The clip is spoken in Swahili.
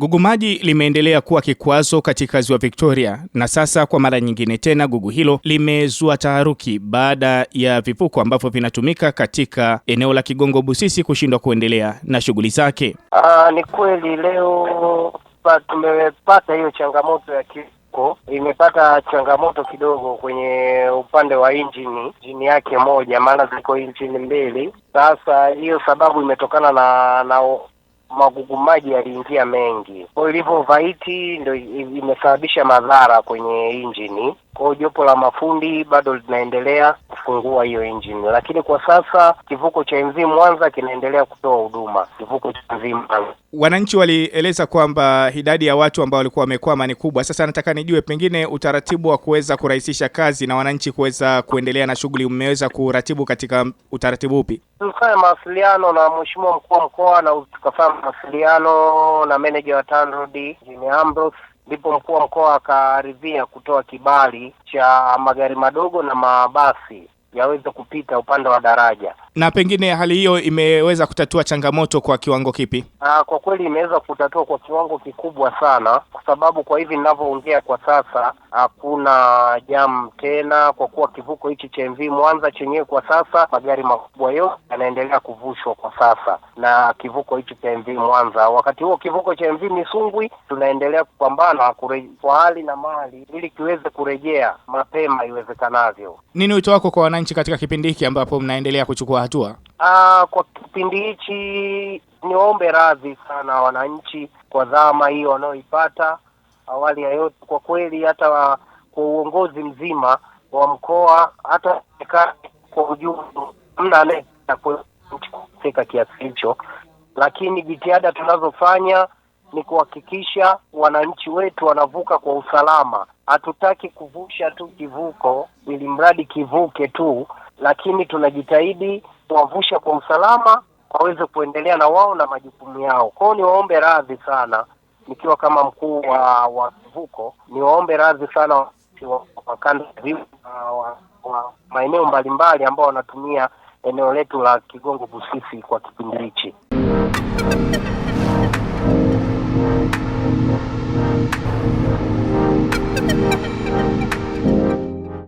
Gugu maji limeendelea kuwa kikwazo katika ziwa Victoria na sasa kwa mara nyingine tena gugu hilo limezua taharuki baada ya vivuko ambavyo vinatumika katika eneo la Kigongo Busisi kushindwa kuendelea na shughuli zake. Aa, ah, ni kweli leo tumepata hiyo changamoto ya ki imepata changamoto kidogo kwenye upande wa injini injini yake moja, maana ziko injini mbili. Sasa hiyo sababu imetokana na na magugu maji yaliingia mengi, kwa ilivyo vaiti ndio imesababisha madhara kwenye injini. Kwa jopo la mafundi bado linaendelea kufungua hiyo engine, lakini kwa sasa kivuko cha MV Mwanza kinaendelea kutoa huduma. Kivuko cha MV Mwanza, wananchi walieleza kwamba idadi ya watu ambao walikuwa wamekwama ni kubwa. Sasa nataka nijue pengine utaratibu wa kuweza kurahisisha kazi na wananchi kuweza kuendelea na shughuli mmeweza kuratibu katika utaratibu upi? Tukafanya mawasiliano na mheshimiwa mkuu wa mkoa na tukafanya mawasiliano na meneja wa TANROADS Jimmy Ambrose ndipo mkuu wa mkoa akaridhia kutoa kibali cha magari madogo na mabasi yaweze kupita upande wa daraja. Na pengine hali hiyo imeweza kutatua changamoto kwa kiwango kipi? Aa, ah, kwa kweli imeweza kutatua kwa kiwango kikubwa sana, kwa sababu kwa hivi ninavyoongea kwa sasa hakuna jamu tena, kwa kuwa kivuko hichi cha MV Mwanza chenyewe kwa sasa magari makubwa yote yanaendelea kuvushwa kwa sasa na kivuko hichi cha MV Mwanza. Wakati huo kivuko cha MV Misungwi tunaendelea kupambana kwa hali na mali ili kiweze kurejea mapema iwezekanavyo. Nini wito wako kwa wana wananchi katika kipindi hiki ambapo mnaendelea kuchukua hatua? Aa, ah, kwa kipindi hichi niombe radhi sana wananchi kwa dhama hiyo wanaoipata. Awali ya yote, kwa kweli, hata wa, kwa uongozi mzima wa mkoa, hata kwa ujumla, hamna anayetaka kiasi hicho, lakini jitihada tunazofanya ni kuhakikisha wananchi wetu wanavuka kwa usalama. Hatutaki kuvusha tu kivuko ili mradi kivuke tu, lakini tunajitahidi kuwavusha kwa usalama waweze kuendelea na wao na majukumu yao. Kwao niwaombe radhi sana, nikiwa kama mkuu wa wa kivuko, niwaombe radhi sana wakanda wa, wa, wa maeneo mbalimbali ambao wanatumia eneo letu la Kigongo Busisi kwa kipindi hichi. Thank you.